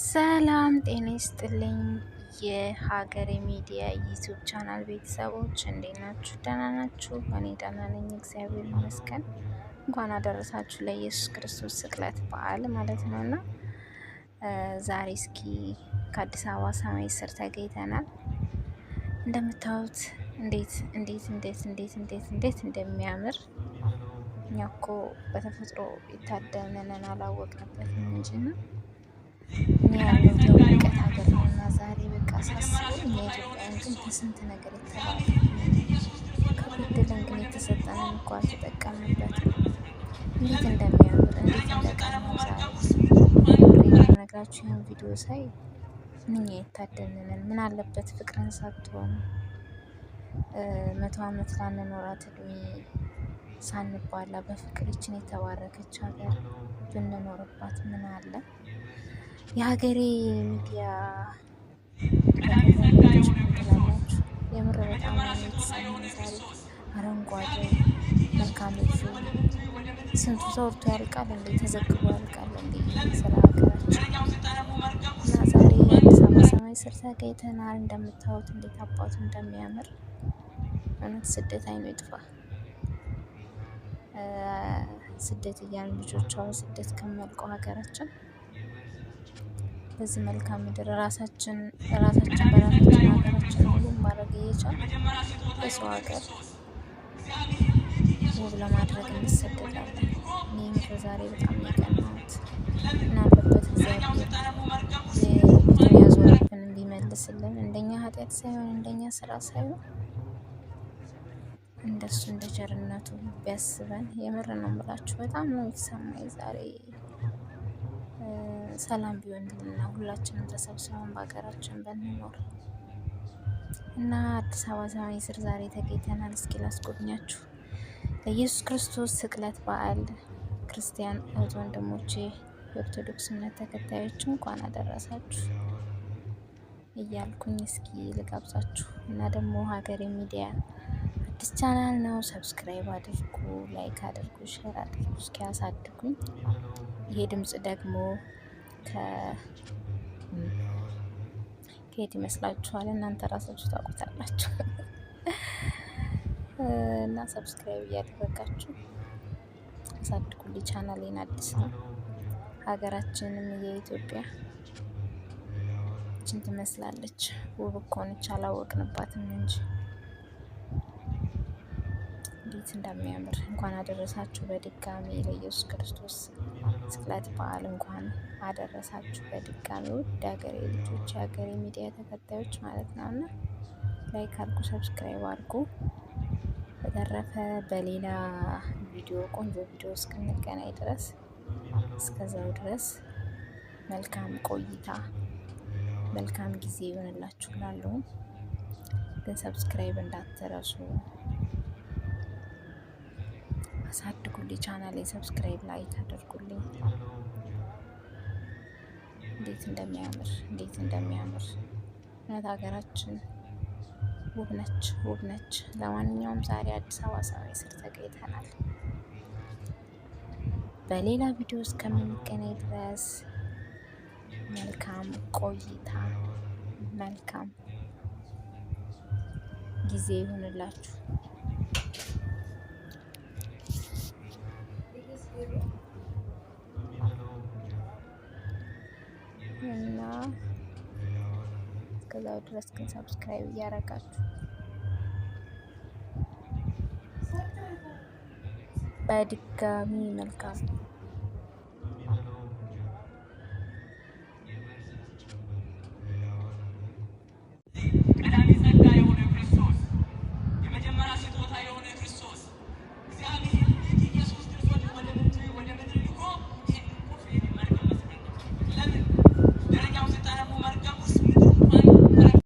ሰላም ጤና ይስጥልኝ። የሀገሬ ሚዲያ ዩቲዩብ ቻናል ቤተሰቦች እንዴት ናችሁ? ደህና ናችሁ? እኔ ደህና ነኝ፣ እግዚአብሔር ይመስገን። እንኳን አደረሳችሁ ለኢየሱስ ክርስቶስ ስቅለት በዓል ማለት ነው እና ዛሬ እስኪ ከአዲስ አበባ ሰማይ ስር ተገኝተናል። እንደምታዩት እንዴት እንዴት እንዴት እንዴት እንዴት እንዴት እንደሚያምር እኛ እኮ በተፈጥሮ የታደምነን አላወቅንበትም እንጂ ነው እኔ ያለው ሀገር ዛሬ በቃ ሳስበው ነገር የተባለ ከበደለን ግን የተሰጠንን እንኳ እንዴት እንደሚያምር እንዴት እንደቀረመው ነግራችሁ ይህን ቪዲዮ ሳይ ምኛ የታደልንን ምን አለበት ፍቅርን ሳትሆኑ መቶ ዓመት ላንኖራት እድሜ ሳንባላ በፍቅር ይችን የተባረከች ሀገር ብንኖርባት ምን አለ? የሀገሬ ሚዲያ የምር በጣም አረንጓዴ መልካሞቹ ስንቱ ተወርቶ ያልቃል እንዴ? ተዘግቦ ያልቃል እንዴ? ስለ ሀገራችን እና ዛሬ አበባ ሰማይ ስር ተገኝተናል። እንደምታዩት እንዴት አባቱ እንደሚያምር እውነት። ስደት አይኑ ይጥፋ። ስደት እያሉ ልጆቿ ስደት ከሚያልቀው ሀገራችን በዚህ መልካም ምድር ራሳችን ራሳችን በራሳችን ሀገራችን ሁሉም ማድረግ እየቻል በሰው ሀገር ውብ ለማድረግ እንሰደዳለን። እኔም ከዛሬ በጣም የቀናት እናለበት እግዚአብሔር የተያዙብን እንዲመልስልን እንደኛ ኃጢአት ሳይሆን እንደኛ ስራ ሳይሆን እንደሱ እንደ ቸርነቱ ቢያስበን። የምር ነው የምላችሁ፣ በጣም ነው የተሰማኝ ዛሬ ሰላም ቢሆንልና ሁላችንም ተሰብስበን በሀገራችን ብንኖር እና አዲስ አበባ ዛሬ ስር ዛሬ ተገኝተናል። እስኪ ላስጎብኛችሁ ለኢየሱስ ክርስቶስ ስቅለት በዓል ክርስቲያን እህት ወንድሞቼ፣ የኦርቶዶክስ እምነት ተከታዮች እንኳን አደረሳችሁ እያልኩኝ እስኪ ልጋብዛችሁ እና ደግሞ ሀገሬ ሚዲያ አዲስ ቻናል ነው። ሰብስክራይብ አድርጉ፣ ላይክ አድርጉ፣ ሼር አድርጉ፣ እስኪ ያሳድጉኝ። ይሄ ድምፅ ደግሞ ከየት ይመስላችኋል? እናንተ ራሳችሁ ታውቁታላችሁ። እና ሰብስክራይብ እያደረጋችሁ አሳድጉልኝ። ቻናሌን አዲስ ነው። ሀገራችንም የኢትዮጵያ ችን ትመስላለች። ውብ እኮ ነች፣ አላወቅንባትም እንጂ እንዴት እንደሚያምር እንኳን አደረሳችሁ በድጋሚ ለኢየሱስ ክርስቶስ ስቅለት በዓል እንኳን አደረሳችሁ በድጋሚ ውድ ሀገሬ ልጆች የሀገሬ ሚዲያ ተከታዮች ማለት ነው እና ላይክ አድርጉ፣ ሰብስክራይብ አድርጉ። በተረፈ በሌላ ቪዲዮ ቆንጆ ቪዲዮ እስክንገናኝ ድረስ እስከዛው ድረስ መልካም ቆይታ መልካም ጊዜ ይሆንላችሁ። ላለሁም ግን ሰብስክራይብ እንዳትረሱ። አሳድጉልኝ። ቻናል ላይ ሰብስክራይብ ላይ ታደርጉልኝ። እንዴት እንደሚያምር እንዴት እንደሚያምር እውነት ሀገራችን ውብ ነች፣ ውብ ነች። ለማንኛውም ዛሬ አዲስ አበባ ሰማይ ስር ተገኝተናል። በሌላ ቪዲዮ እስከምንገናኝ ድረስ መልካም ቆይታ መልካም ጊዜ ይሁንላችሁ። እና እስከዛው ድረስ ግን ሰብስክራይብ እያደረጋችሁ በድጋሚ መልካም